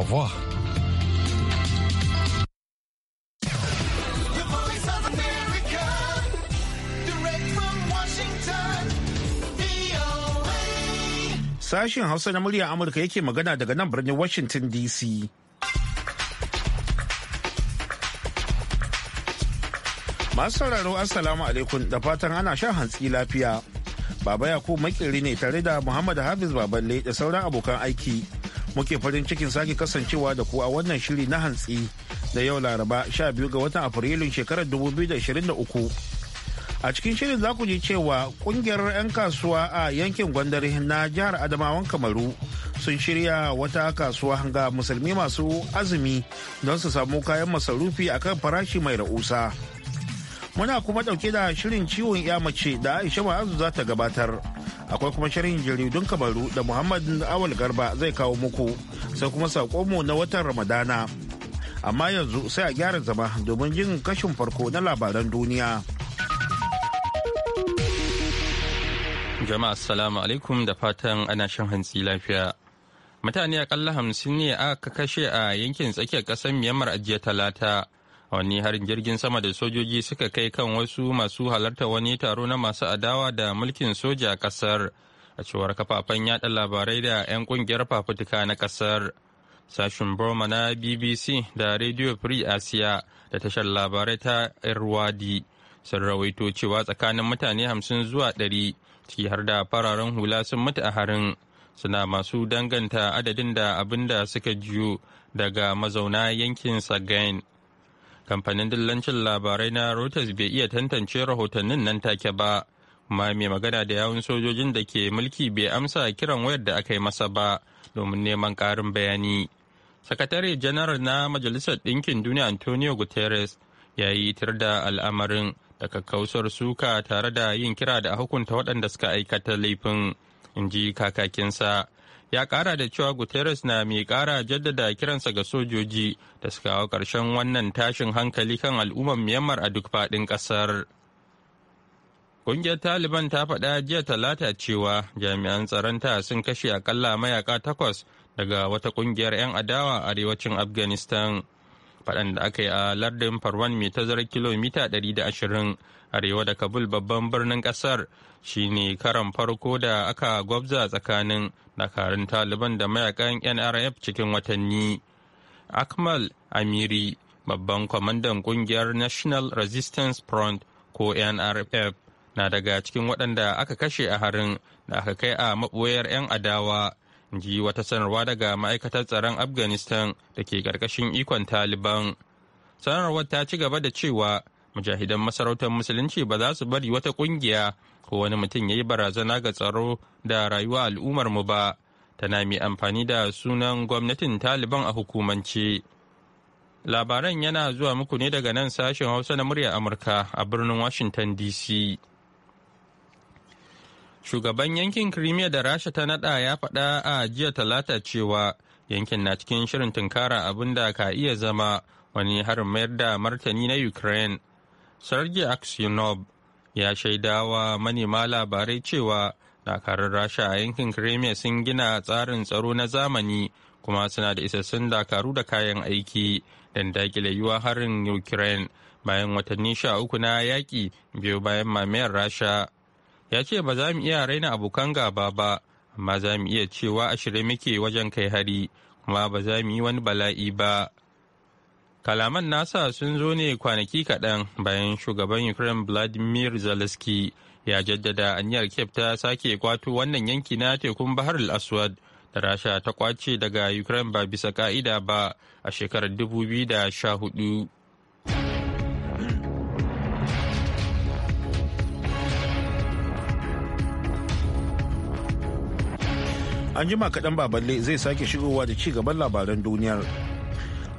Au revoir. Sashen Hausa na murya Amurka yake magana daga nan birnin Washington DC. Masu sauraro Assalamu alaikum da fatan ana shan hantsi lafiya. Baba Yakubu makiri ne tare da Muhammad Hafiz Baballe da sauran abokan aiki. muke farin cikin sake kasancewa da ku a wannan shiri na hantsi da yau laraba 12 ga watan afrilun shekarar 2023 a cikin shirin za ku ji cewa kungiyar 'yan kasuwa a yankin gwandar na jihar adamawan kamaru sun shirya wata kasuwa ga musulmi masu azumi don su samu kayan masarufi akan farashi mai ra'usa. Muna kuma ɗauke da shirin ciwon ya mace da Aisha Ma'azu za ta gabatar. Akwai kuma shirin jaridun Kamaru da Muhammad Awal Garba zai kawo muku sai kuma mu na watan Ramadana. Amma yanzu sai a gyara zama domin jin kashin farko na labaran duniya. Jama'a assalamu alaikum da fatan ana shan hantsi lafiya. Mutane akalla hamsin ne aka kashe a yankin tsakiyar ƙasar miyamar ajiya talata. a wani harin jirgin sama da sojoji suka kai kan wasu masu halarta wani taro na masu adawa da mulkin soja a kasar a cewar kafafen yada labarai da 'yan kungiyar fafutuka na kasar sashen burma na bbc da radio free asia da tashar labarai ta irwadi sun rawaito cewa tsakanin mutane hamsin zuwa ɗari ciki har da fararen hula sun mutu a harin suna masu danganta adadin da abin da suka jiyo daga mazauna yankin sagain kamfanin dillancin labarai na reuters bai iya tantance rahotannin nan take ba kuma mai magana da yawun sojojin da ke mulki bai amsa kiran wayar da aka yi masa ba domin neman karin bayani sakatare janar na majalisar ɗinkin duniya antonio guterres ya yi tir da al'amarin da kakkausar suka tare da yin kira da hukunta waɗanda suka aikata laifin in ji kakakinsa ya kara da cewa guterres na mai kara jaddada kiransa ga sojoji da su kawo karshen wannan tashin hankali kan al'ummar myanmar a duk faɗin ƙasar ƙungiyar taliban ta faɗa jiya talata cewa jami'an tsaronta sun kashe akalla mayaka takwas daga wata ƙungiyar 'yan adawa a arewacin afghanistan faɗan da aka yi a lardin farwan mai tazarar kilomita 120 arewa da kabul babban birnin kasar shine karan farko da aka gwabza tsakanin dakarun taliban da mayakan nrf cikin watanni akmal amiri babban kwamandan kungiyar national resistance front ko nrf na daga cikin waɗanda aka kashe a harin da aka kai a maɓoyar 'yan adawa ji wata sanarwa daga ma'aikatar tsaron afghanistan da ke ƙarƙashin ikon taliban sanarwar ta ci gaba da cewa mujahidan masarautar musulunci ba za su bari wata kungiya ko wani mutum ya yi barazana ga tsaro da rayuwa al'ummar mu ba tana mai amfani da sunan gwamnatin taliban a hukumance labaran yana zuwa muku ne daga nan sashen hausa na murya amurka a birnin washington dc shugaban yankin crimea da rasha ta nada ya faɗa a jiya talata cewa yankin na cikin shirin tunkara abin da ka iya zama wani harin mayar da martani na ukraine sarge aksinov ya shaidawa manema labarai cewa dakarun rasha a yankin crimea sun gina tsarin tsaro na zamani kuma suna da isassun dakaru da kayan aiki don dakile yiwuwa harin ukraine bayan watanni sha uku na yaƙi biyu bayan mamayar rasha ya ce ba za mu iya raina abokan gaba ba amma za mu iya cewa a shirye muke wajen kai hari kuma ba za mu yi wani bala'i ba Kalaman nasa sun zo ne kwanaki kaɗan bayan shugaban Ukraine Vladimir Zelensky ya jaddada aniyar Kiev ta sake kwato wannan yanki na tekun Bahar al-Aswad da Rasha ta kwace daga Ukraine ba bisa ka'ida ba a shekarar 2014. An jima kaɗan baballe zai sake shigowa da ci gaban labaran duniyar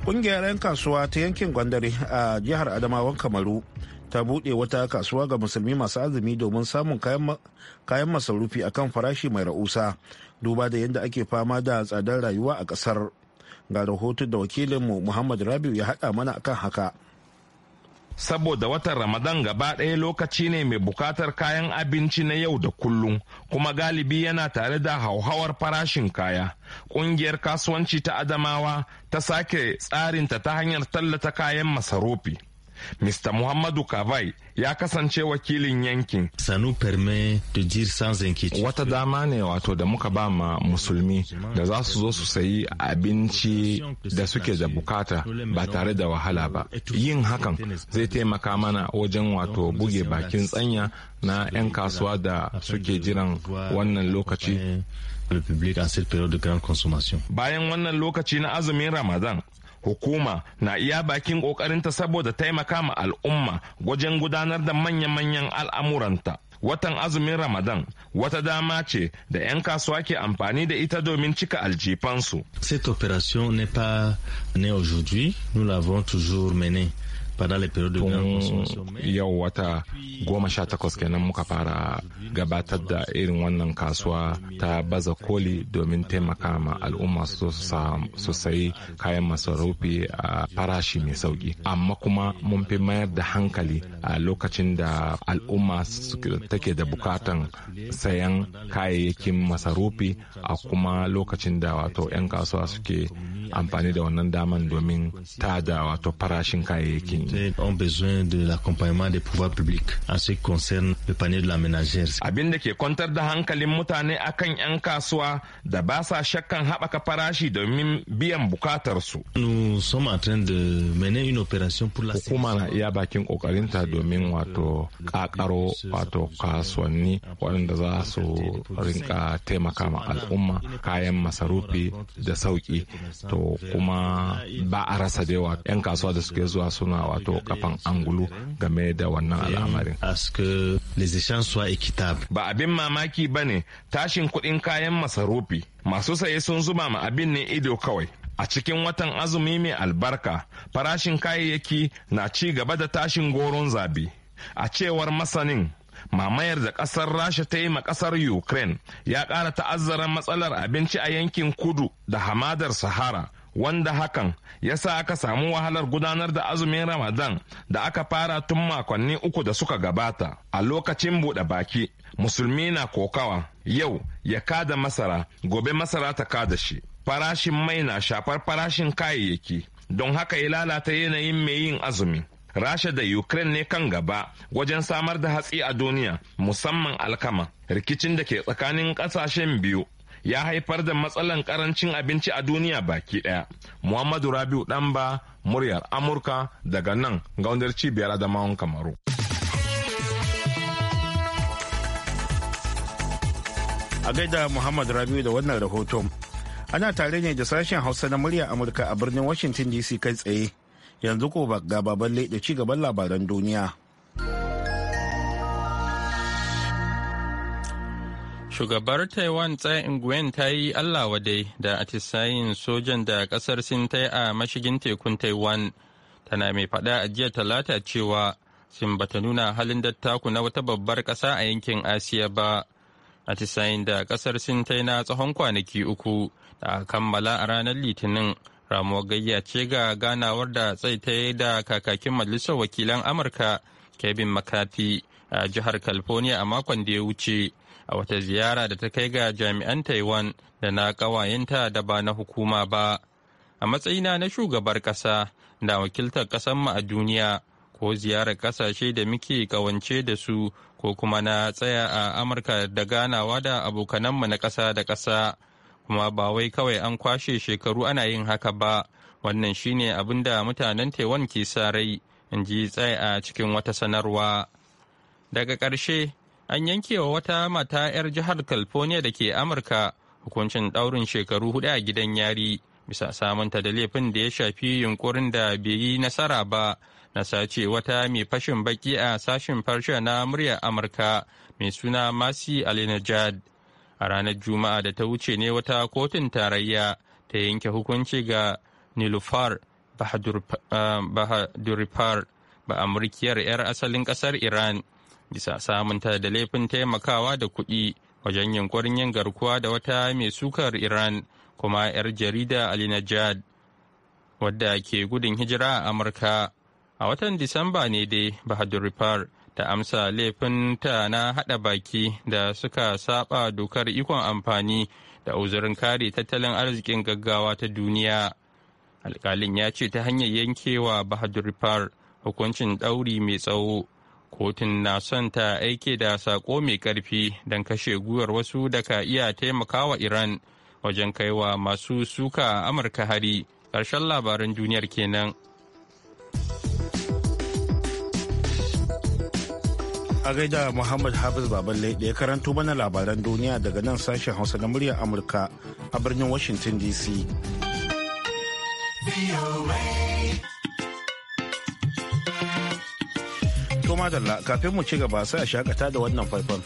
kungiyar 'yan kasuwa ta yankin Gwandare a jihar Adamawan Kamaru ta buɗe wata kasuwa ga musulmi masu azumi domin samun kayan masarufi akan farashi mai ra'usa duba da yadda ake fama da tsadar rayuwa a ƙasar. Ga rahoton da wakilinmu Muhammad Rabiu ya haɗa mana akan haka. saboda watan ramadan gaba ɗaya lokaci ne mai buƙatar kayan abinci na yau da kullum kuma galibi yana tare da hauhawar farashin kaya ƙungiyar kasuwanci ta adamawa ta sake tsarinta ta hanyar tallata kayan masarufi Mr. Muhammadu Kavai ya kasance wakilin yankin. Sanu permet de Wata dama ne wato da muka ba ma musulmi da za su zo su sayi abinci da suke da bukata ba tare da wahala ba. Yin hakan zai taimaka mana wajen wato buge bakin tsanya na 'yan kasuwa da suke jiran wannan lokaci. Bayan wannan lokaci na azumin Ramadan, hukuma na iya bakin kokarinta saboda taimaka ma al'umma wajen gudanar da manya-manyan al'amuranta watan azumin ramadan wata dama ce da 'yan kasuwa ke amfani da ita domin cika aljifansu cette opération n'est pas née aujourd'hui nous l'avons toujours menée yau wata goma sha takwas kenan muka fara gabatar da irin wannan kasuwa ta baza koli domin taimaka ma al'umma su sayi kayan masarufi a farashi mai sauki amma kuma mun fi mayar da hankali a lokacin da al'umma take da bukatan sayan kayayyakin masarufi a kuma lokacin da wato 'yan kasuwa suke amfani da wannan daman domin ta da wato farashin kayayyakin communautés ont besoin de l'accompagnement des pouvoirs publics en ce qui concerne le panier de la ménagère. Abin da ke kwantar da hankalin mutane akan 'yan kasuwa da ba sa shakkan haɓaka farashi domin biyan bukatarsu. Nous sommes en train de mener une opération pour la Hukuma na iya bakin kokarinta domin wato kakaro wato kasuwanni waɗanda za su rinka taimaka ma al'umma kayan masarufi da sauki to kuma ba a rasa da yawa 'yan kasuwa da suke zuwa suna wato kafan angulu game da wannan al'amarin. Ba abin mamaki ba ne tashin kuɗin kayan masarufi masu saye sun zuba ma abin ne ido kawai. A cikin watan azumi mai albarka farashin kayayyaki na ci gaba da tashin goron zabi. A cewar masanin mamayar da kasar rasha ta yi ma kasar ukraine ya ƙara ta'azzara matsalar abinci a yankin kudu da hamadar sahara wanda hakan ya sa aka samu wahalar gudanar da azumin ramadan da aka fara tun makonni uku da suka gabata a lokacin buɗe baki musulmi na kokawa yau ya kada masara gobe masara ta kada shi farashin mai na shafar farashin kayayyaki don haka ya lalata yanayin mai yin azumi rasha da ukraine ne kan gaba wajen samar da hatsi a duniya musamman alkama rikicin da ke tsakanin kasashen biyu ya haifar da matsalan karancin abinci a duniya baki daya muhammadu rabiu Danba muryar amurka daga nan gaunar cibiyar adamawan kamaru a gaida muhammad rabiu da wannan rahoton ana tare ne da sashen hausa na muryar amurka a birnin washington dc kai tsaye yanzu ko ga babban da ci gaban labaran duniya Shugabar Taiwan Tsai ingwen ta yi Allah wadai da atisayin sojan da kasar Sin ta a mashigin tekun Taiwan. Tana mai faɗa a jiya talata cewa Sin bata nuna halin dattaku na wata babbar ƙasa a yankin Asiya ba. Atisayin da kasar Sin ta na tsawon kwanaki uku da kammala a ranar Litinin. Ramuwar gayya ce ga ganawar da Tsai ta yi da kakakin Majalisar Wakilan Amurka Kevin McCarthy a jihar California a makon da ya wuce. a wata ziyara da ta kai ga jami'an taiwan da na ƙawayenta da ba na hukuma ba a matsayina na shugabar ƙasa da wakiltar ƙasanmu a duniya ko ziyarar ƙasashe da muke ƙawance da su ko kuma na tsaya a amurka da ganawa da abokananmu na ƙasa da ƙasa kuma ba wai kawai an kwashe shekaru ana yin haka ba wannan shine abin da mutanen taiwan ke sa rai in ji tsaye a cikin wata sanarwa daga ƙarshe an yanke wa wata mata 'yar jihar california da ke amurka hukuncin ɗaurin shekaru hudu a gidan yari bisa samunta da laifin da ya shafi yunkurin da bai yi nasara ba na sace wata mai fashin baki a sashen farsha na muryar amurka mai suna masi alinajad a ranar juma'a da ta wuce ne wata kotun tarayya ta yanke hukunci ga nilufar bahadurifar eh, ba amurkiyar 'yar asalin kasar iran bisa samunta da laifin taimakawa da kuɗi wajen yunkurin yin garkuwa da wata mai sukar Iran kuma 'yar jarida Ali Najad wadda ke gudun hijira a Amurka. A watan Disamba ne dai Bahadur Rifar ta amsa laifin ta na haɗa baki da suka saba dokar ikon amfani da uzurin kare tattalin arzikin gaggawa ta duniya. alkalin ya ce ta hanyar yankewa Bahadur Rifar hukuncin ɗauri mai tsawo kotun na son ta aike da sako mai karfi don kashe guwar wasu da ka iya taimakawa iran wajen kaiwa masu suka amurka hari ƙarshen labaran duniyar kenan a gaida muhammad hafiz baballe da ya karanto mana labaran duniya daga nan sashen hausa na muryar amurka a birnin washington dc To madalla kafin mu ci gaba sai a shakata da wannan faifan.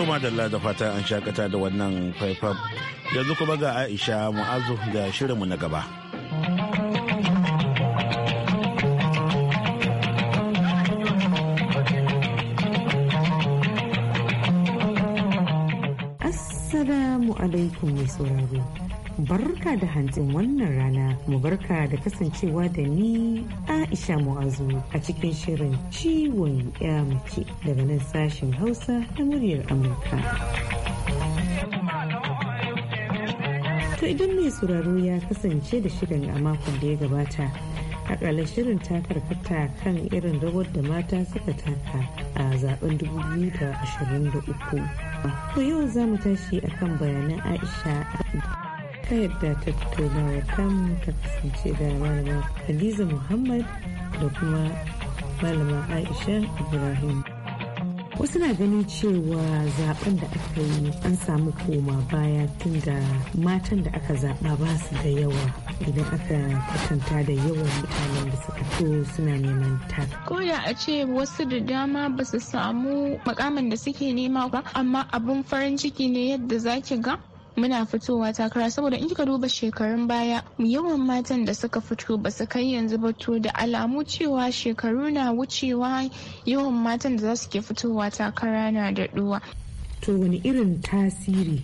To madalla da fata an shakata da wannan faifan. Yanzu kuma ga Aisha Mu'azu da shirinmu na gaba. Assalamu alaikum mai sauraro. barka da hantsin wannan rana mu barka da kasancewa da ni aisha mu'azu a cikin shirin ciwon ya mace daga nan sashen hausa na muryar amurka to idan mai sauraro ya kasance da shirin a makon da ya gabata akalla shirin ta karkata kan irin rawar da mata suka taka a zaben 2023 to yau za mu tashi akan bayanan aisha ta yadda tattaunawa kan ta kasance da malama hadiza muhammad da kuma malama aisha ibrahim wasu na ganin cewa zaben da aka yi an samu koma baya tun da matan da aka zaba ba su da yawa idan aka kwatanta da yawan mutanen da suka to suna neman ta. Koya a ce wasu da dama ba su samu makaman da suke nema ba amma abun farin ciki ne yadda zaki ga muna fitowa takara saboda in kika duba shekarun baya yawan matan da suka fito ba su kai yanzu ba to da alamu cewa shekaru na wucewa yawan matan da za su ke fitowa takara na da ɗuwa. to wani irin tasiri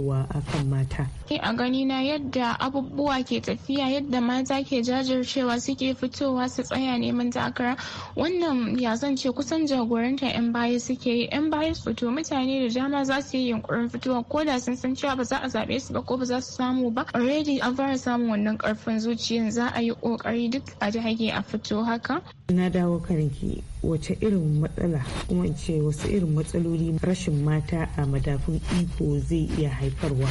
wa akan mata a gani na yadda abubuwa ke tafiya yadda mata ke jajircewa suke fitowa su tsaya neman takara wannan ya zan ce kusan jagoranta yan baya suke yi yan baya su to mutane da dama za su yi yunkurin fitowa ko da sun san cewa ba za a zaɓe su ba ko ba za su samu ba already an fara samun wannan karfin zuciyan za a yi kokari duk a ji a fito haka na dawo karki wace irin matsala kuma in ce wasu irin matsaloli rashin mata a madafun iko zai iya haifarwa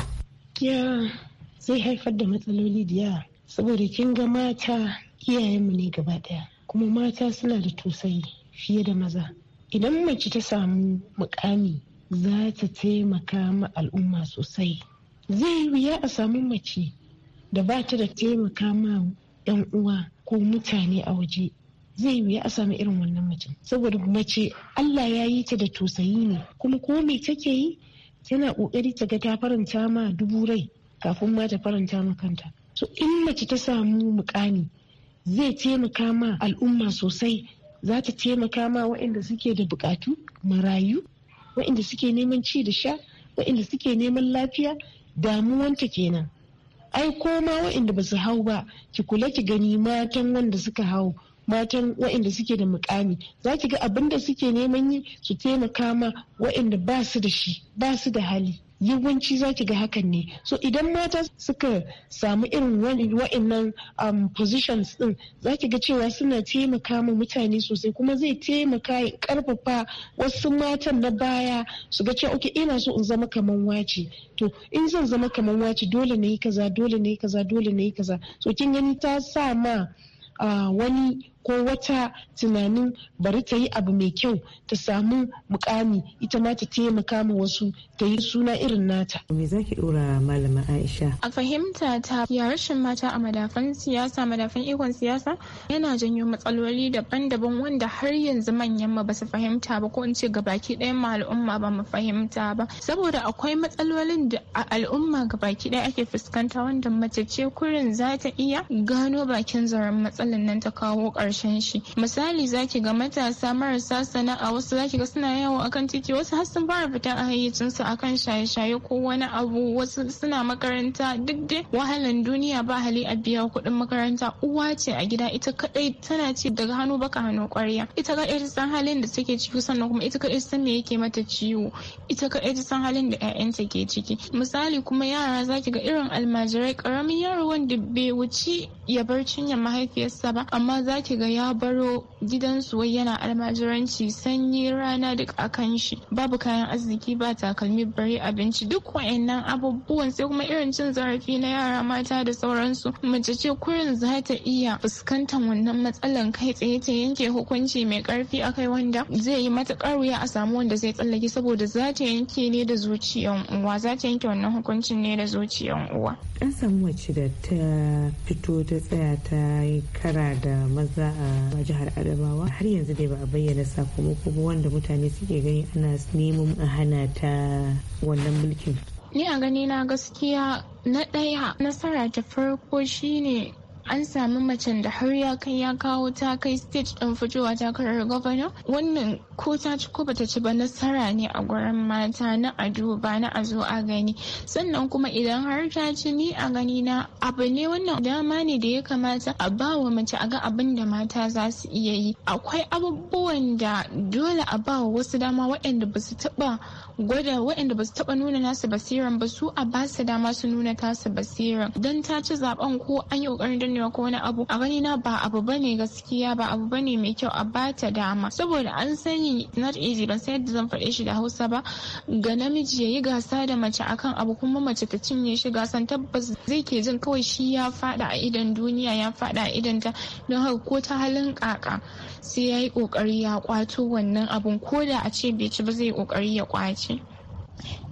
ya zai haifar da matsaloli da yawa saboda kin ga mata iyayenmu ne gaba daya kuma mata suna da tosai fiye da maza idan mace ta samu mukami za ta taimaka ma al'umma sosai zai wuya a samu mace da ba ta da taimaka ma 'yan uwa ko mutane a waje zai wuya a sami irin wannan mutum saboda mace Allah ya yi ta da tausayi ne kuma ko me take yi tana kokari ta ga ta faranta ma dubu rai kafin ma ta faranta ma kanta so in mace ta samu mukami zai taimaka ma al'umma sosai za ta taimaka ma waɗanda suke da bukatu marayu waɗanda suke neman ci da sha waɗanda suke neman lafiya damuwanta kenan ai ko ma waɗanda ba su hau ba ki kula ki gani matan wanda suka hau matan waɗanda suke da mukami za ki ga abin da suke neman yi su taimaka ma waɗanda ba su da shi ba su da hali yawanci za ki ga hakan ne so idan mata suka samu irin wa'annan um, positions din za ki ga cewa suna taimaka ma mutane sosai kuma zai taimaka ya karfafa wasu matan na baya su ga cewa okay ina so in zama kaman wace to in zan zama kamar wace dole na yi kaza dole na yi kaza dole na yi kaza so kin gani ta sa ma uh, wani ko wata tunanin bari ta yi abu mai kyau ta samu mukami ita ma ta taimaka ma wasu ta yi suna irin nata. Me zaki dora malama Aisha? A fahimta ta ya rashin mata a madafan siyasa madafan ikon siyasa yana janyo matsaloli daban-daban wanda har yanzu manyan ma basu fahimta ba ko in ce ga baki ɗayan ma al'umma ba mu fahimta ba saboda akwai matsalolin da a al'umma ga baki ɗaya ake fuskanta wanda mace ce kurin za ta iya gano bakin zaren matsalan nan ta kawo ƙarshe. karshen shi misali zaki ga matasa marasa sana'a wasu zaki ga suna yawo akan titi wasu har sun fara fita a hayyacin su akan shaye-shaye ko wani abu wasu suna makaranta duk dai wahalan duniya ba hali a biya kuɗin makaranta uwa ce a gida ita kadai tana ci daga hannu baka hannu kwarya ita kadai ta san halin da take ciki sannan kuma ita kadai san me yake mata ciwo ita kadai ta san halin da 'ya'yanta ke ciki misali kuma yara zaki ga irin almajirai karamin yaro wanda bai wuci ya bar cinyar mahaifiyarsa ba amma zaki ga ga ya baro gidansu wai yana almajiranci sanyi rana duk a kan shi babu kayan arziki ba takalmi bari abinci duk wa'annan abubuwan sai kuma irin cin zarafi na yara mata da sauransu mace ce kurin za ta iya fuskantar wannan matsalan kai tsaye ta yanke hukunci mai karfi kai wanda zai yi matakar wuya a samu wanda zai tsallake saboda za ta yanke ne da zuciyan uwa za ta yanke wannan hukuncin ne da zuciyan uwa an samu da ta fito ta tsaya ta yi kara da maza a jihar adamawa har yanzu dai ba a bayyana sakamako ba wanda mutane suke gani ana neman a hana ta wannan mulkin ni a gani na gaskiya na ɗaya nasara ta farko shine an sami macen da har ya kai ya kawo ta kai stage din fitowa takarar gwamna wannan ko ta ci ko bata ci ba nasara ne a gurin mata na a duba na a zo a gani sannan kuma idan har ta ci ni a gani na abu ne wannan dama ne da ya kamata a ba wa mace a ga abin da mata za su iya yi akwai abubuwan da dole a ba wa wasu dama waɗanda ba su taɓa gwada waɗanda ba su taɓa nuna nasu basiran ba su a ba su dama su nuna tasu basiran don ta ci zaben ko an yi ƙoƙarin dannewa ko wani abu a gani na ba abu bane gaskiya ba abu bane mai kyau a ba ta dama saboda an san easy not easy ban san yadda zan faɗe shi da hausa ba ga namiji ya yi gasa da mace akan abu kuma mace ta cinye shi gasan tabbas zai ke jin kawai shi ya faɗa a idan duniya ya faɗa a idan ta don haka ko ta halin kaka sai ya yi ƙoƙari ya kwato wannan abun ko da a ce bai ci ba zai ƙoƙari ya kwace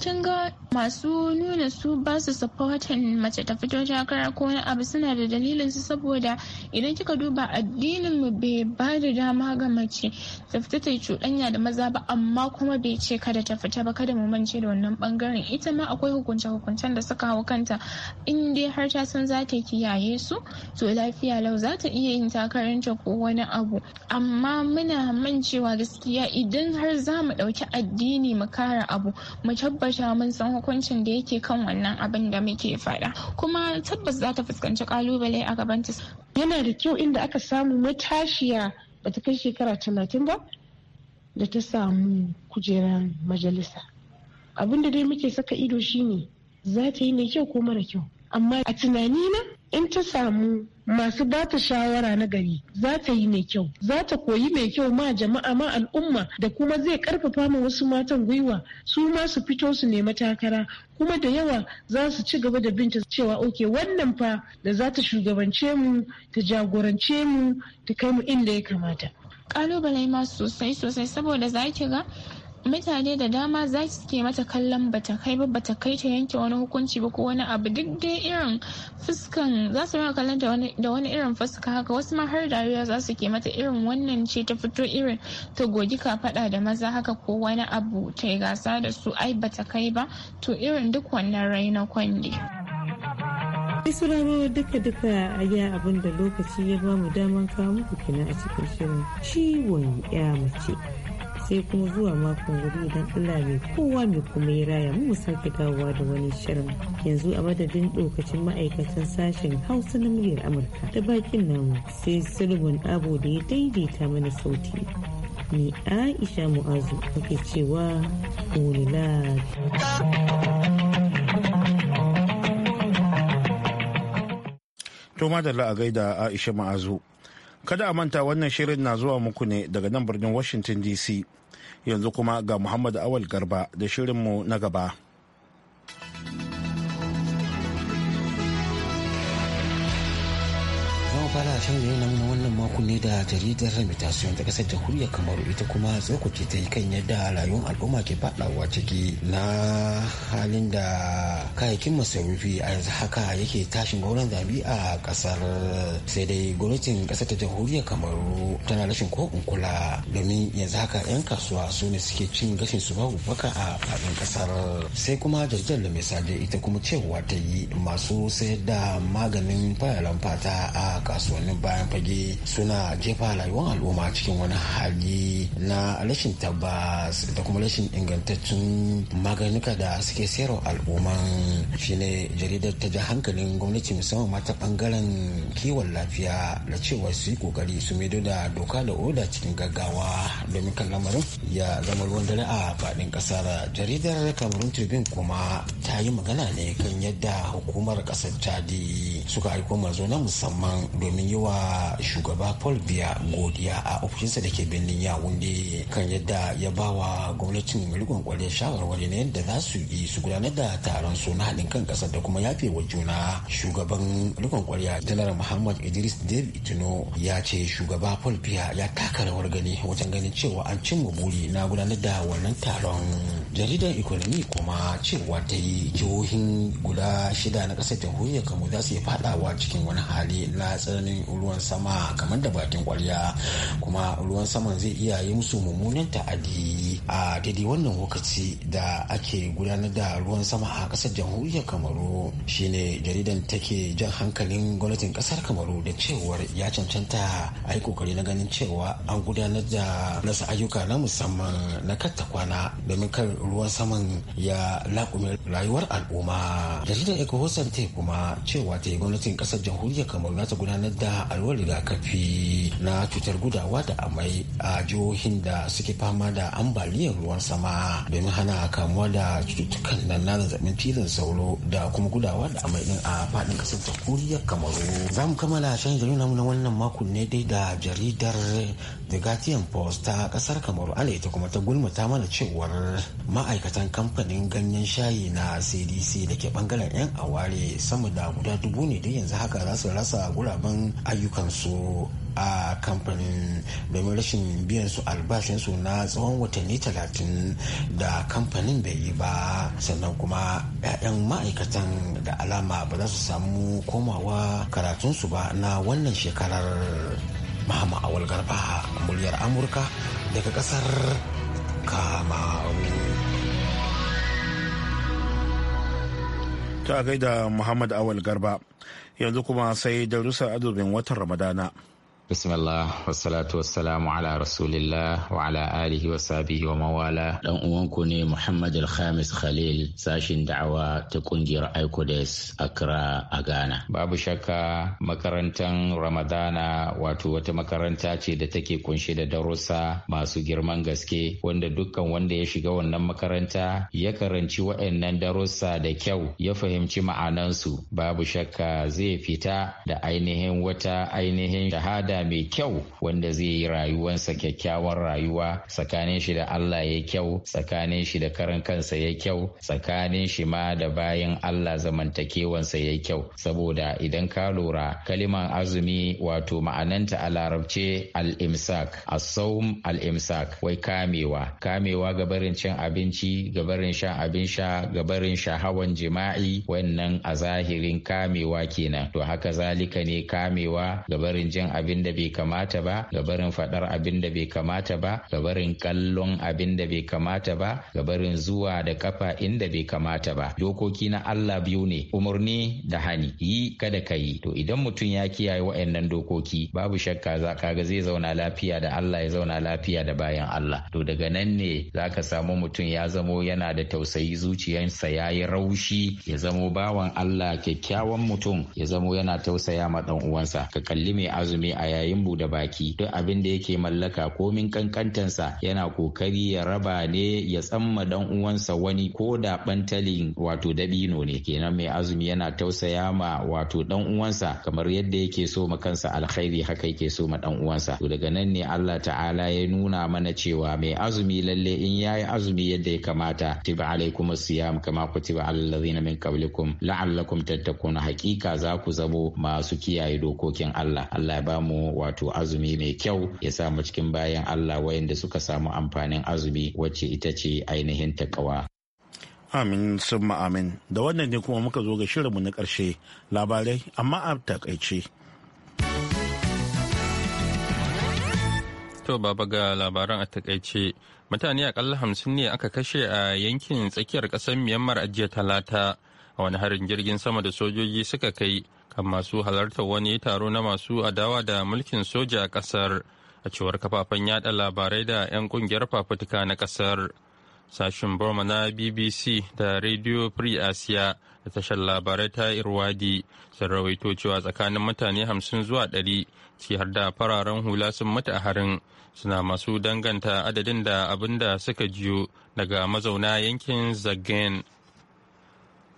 kin ga masu nuna su ba su supportin mace ta fito takara ko wani abu suna da dalilin su saboda idan kika duba addinin mu bai ba da dama ga mace ta fita ta cuɗanya da maza ba amma kuma bai ce kada ta fita ba kada mu mance da wannan bangaren ita ma akwai hukunce hukuncen da suka hau kanta in dai har ta san za ta kiyaye su to lafiya lau za ta iya yin takaranta ko wani abu amma muna mancewa gaskiya idan har za mu ɗauki addini mu kara abu mu tabbata cewa mun san hukuncin da yake kan wannan abin da muke faɗa kuma tabbas za ta fuskanci kalubale a gaban ta yana da kyau inda aka samu matashiya ba ta kai shekara talatin ba da ta samu kujerar majalisa abin da dai muke saka ido shine za ta yi mai kyau ko mara kyau amma a tunani na, in ta samu masu ba ta shawara na gari za ta yi mai kyau za ta koyi mai kyau ma jama'a ma al'umma da kuma zai karfafa ma wasu matan gwiwa su ma su fito su nemi takara kuma da yawa za su ci gaba da binta cewa oke wannan fa da za ta shugabance mu ta jagorance mu ta kai mu inda ya kamata kalubale ma sosai sosai saboda za ki ga mutane da dama za su ke mata kallon bata kai ba bata kai ta yanke wani hukunci ba ko wani abu duk dai irin fuskan za su rinka kallon da wani irin fuska haka wasu ma har dariya za su ke mata irin wannan ce ta fito irin ta gogi kafaɗa da maza haka ko wani abu ta gasa da su ai bata kai ba to irin duk wannan raina kwande. sauraro duka-duka a yi abin da lokaci ya ba mu daman kawo muku kina a cikin shirin ciwon ya mace sai kuma zuwa makon wuri don Allah mai kowa mai kuma ya raya mu sake dawowa da wani shirin yanzu a madadin ɗaukacin ma'aikatan sashen hausa na muryar amurka da bakin namu sai sulmun abu da ya daidaita mana sauti ni aisha mu'azu ake cewa wani lafiya. to madalla a gaida aisha ma'azu Kada a manta wannan shirin na zuwa muku ne daga nan birnin Washington DC. Yanzu kuma ga Muhammad Awal Garba da shirinmu na gaba. fara shan yanayin na wannan mako ne da jaridar Mutation ta kasar jamhuriyar Kamaru ita kuma tsokace ta yi kan yadda rayuwar al'umma ke faɗawa ciki na halin da kayakin masarufi a yanzu haka yake tashin gauran zabi a kasar sai dai gwamnatin kasar ta jamhuriyar Kamaru tana rashin ko kula domin yanzu haka 'yan kasuwa su ne suke cin gashin su babu baka a faɗin kasar sai kuma jaridar da mai ita kuma cewa ta yi masu sayar da maganin fayalan fata a kasuwa kasuwannin bayan fage suna jefa rayuwar al'umma cikin wani hali na rashin tabbas da kuma rashin ingantaccen maganuka da suke sayarwa al'umma shine jaridar ta ji hankalin gwamnati musamman mata bangaren kiwon lafiya da cewa su yi kokari su maido da doka da oda cikin gaggawa domin kan lamarin ya zama ruwan dare a faɗin ƙasar jaridar kamarun tribune kuma ta yi magana ne kan yadda hukumar ƙasar chadi suka aiko manzo na musamman domin domin yi wa shugaba paul biya godiya a ofishinsa da ke birnin yawunde kan yadda ya ba wa gwamnatin mulkin kwalle shawarwari na yadda za su yi su gudanar da taron suna na haɗin kan ƙasar da kuma yafe wa juna shugaban mulkin kwarya janar muhammad idris david itino ya ce shugaba paul biya ya taka rawar gani wajen ganin cewa an cimma buri na gudanar da wannan taron jaridar economy kuma cewa ta yi jihohin guda shida na ƙasar jamhuriyar kamo za su yi fadawa cikin wani hali na tsananin ruwan sama kamar da bakin kwarya kuma ruwan saman zai iya yi musu mummunan ta'adi a daidai wannan lokaci da ake gudanar da ruwan sama a ƙasar jamhuriyar kamaru shine jaridan take jan hankalin gwamnatin ƙasar kamaru da cewar ya cancanta a yi kokari na ganin cewa an gudanar da nasa ayyuka na musamman na katta kwana domin kar ruwan saman ya laƙume rayuwar al'umma jaridar ecohosan te kuma cewa ta yi gwamnatin ƙasar jamhuriyar kamaru za ta gudanar da alwar rigakafi na cutar gudawa da amai a jihohin da suke fama da ambaliyar ruwan sama domin hana kamuwa da cututtukan nan na zazzabin cizon sauro da kuma gudawa da amai din a faɗin ƙasar jamhuriyar kamaru za mu kammala shan jaridar na wannan makon ne dai da jaridar The Guardian Post ta kasar Kamaru ana ita kuma ta gulmata mana cewar ma'aikatan kamfanin ganyen shayi na CDC da ke bangaren 'yan aware sama da guda dubu ne da yanzu haka za su rasa guraben ayyukansu a kamfanin domin rashin biyan su albashinsu na tsawon watanni talatin da kamfanin bai yi ba sannan kuma 'ya'yan ma'aikatan da alama ba za su samu komawa karatunsu ba na wannan shekarar mama Awal Garba muryar Amurka daga kasar Kamaru. Ta gaida Muhammad Awal Garba yanzu kuma sai darussan azubin watan Ramadana. Bismillah wassalatu wassalamu ala rasulillah wa ala alihi wa sabihi wa mawala dan uwanku ne Muhammad al Khalil sashin da'awa ta kungiyar a kira a Ghana. Babu shakka makarantar Ramadana wato wata makaranta ce da take kunshe da darussa masu girman gaske wanda dukkan wanda ya shiga wannan makaranta ya karanci waɗannan darussa da kyau ya fahimci ma'anansu babu shakka zai fita da ainihin wata ainihin shahada ibada mai kyau wanda zai yi rayuwansa kyakkyawar rayuwa tsakanin shi da Allah ya kyau tsakanin shi da karan kansa ya kyau tsakanin shi ma da bayan Allah zamantakewansa ya kyau saboda idan ka lura kaliman azumi wato ma'ananta a larabce al-imsak as-sawm al-imsak wai kamewa kamewa ga barin cin abinci ga barin shan abin sha ga barin shahawan jima'i wannan a zahirin kamewa kenan to haka zalika ne kamewa ga barin jin abin da bai kamata ba ga barin faɗar abin da bai kamata ba ga barin kallon abin da bai kamata ba ga barin zuwa da kafa inda bai kamata ba dokoki na Allah biyu ne umarni da hani yi kada ka yi to idan mutum ya kiyaye wa'annan dokoki babu shakka za ka ga zai zauna lafiya da Allah ya zauna lafiya da bayan Allah to daga nan ne za ka samu mutum ya zamo yana da tausayi zuciyarsa ya yi raushi ya zamo bawan Allah kyakkyawan mutum ya zamo yana tausaya ma ɗan uwansa ka kalli mai azumi a yayin buɗe baki duk abin da yake mallaka komin kankantansa yana kokari ya raba ne ya tsamma dan uwansa wani ko da bantalin wato dabino ne kenan mai azumi yana tausaya ma wato dan uwansa kamar yadda yake so ma kansa alkhairi haka yake so ma dan uwansa to daga nan ne Allah ta'ala ya nuna mana cewa mai azumi lalle in yayi azumi yadda ya kamata tiba alaikum siyam kama kutiba alal ladina min qablikum la'allakum tattaquna hakika za ku zamo masu kiyaye dokokin Allah Allah ya ba mu wato azumi mai kyau ya samu cikin bayan Allah wayanda suka samu amfanin azumi wacce ita ce ainihin takawa. Amin sun amin da wannan ne kuma muka zo ga shirinmu na ƙarshe labarai amma a takaice. To baba ga labaran a takaice mutane akalla hamsin ne aka kashe a yankin tsakiyar ƙasar Myanmar a jiya talata a wani harin jirgin sama da sojoji suka kai kan masu halartar wani taro na masu adawa da mulkin soja a kasar a cewar kafafen yada labarai da 'yan kungiyar fafutuka na kasar sashen burma na bbc da radio free asia da tashar labarai ta irwadi sun rawaito cewa tsakanin mutane hamsin zuwa ɗari ci har da fararen hula sun mutu a harin suna masu danganta adadin da abin da suka jiyo daga mazauna yankin zagen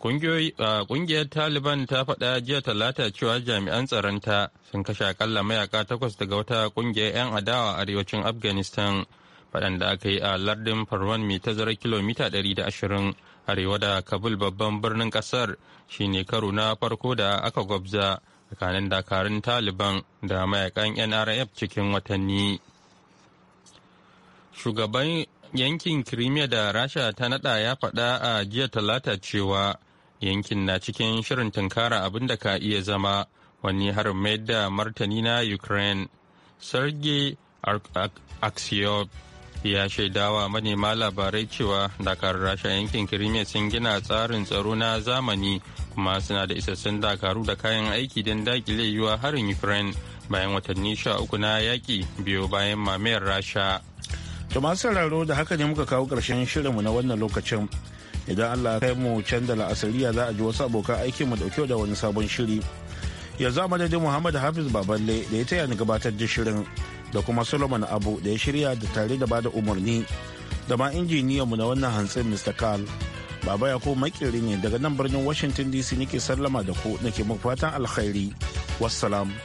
Kungiyar Taliban ta faɗa jiya talata cewa jami'an tsaronta sun kashe akalla mayaka takwas daga wata kungiyar 'yan adawa a arewacin Afghanistan waɗanda aka yi a lardin Farwan mai tazarar kilomita 120 arewa da Kabul babban birnin ƙasar shine karo na farko da aka gwabza tsakanin dakarun Taliban da mayakan NRF cikin watanni. Shugaban yankin Crimea da Rasha ta nada ya faɗa a jiya talata cewa yankin na cikin shirin tunkara abin da ka iya zama wani harin mai da martani na ukraine sarge aksiyov ya shaidawa manema labarai cewa dakarun rasha yankin kirimiya sun gina tsarin tsaro na zamani kuma suna da isassun dakaru da kayan aiki don dakile yiwuwa harin ukraine bayan watanni sha uku na yaƙi biyo bayan mamayar rasha to masu sauraro da haka ne muka kawo ƙarshen shirinmu na wannan lokacin idan allah ya kai mu can da la'asariya za a ji wasu abokan aikin mu da dauke da wani sabon shiri yanzu a madadin muhammad hafiz baballe da ya taya ni gabatar da shirin da kuma solomon abu da ya shirya da tare da bada umarni da ma injiniyanmu na wannan hantsin mr carl baba ya ko makiri ne daga nan birnin washington dc nake sallama da ku nake muku fatan alkhairi wassalamu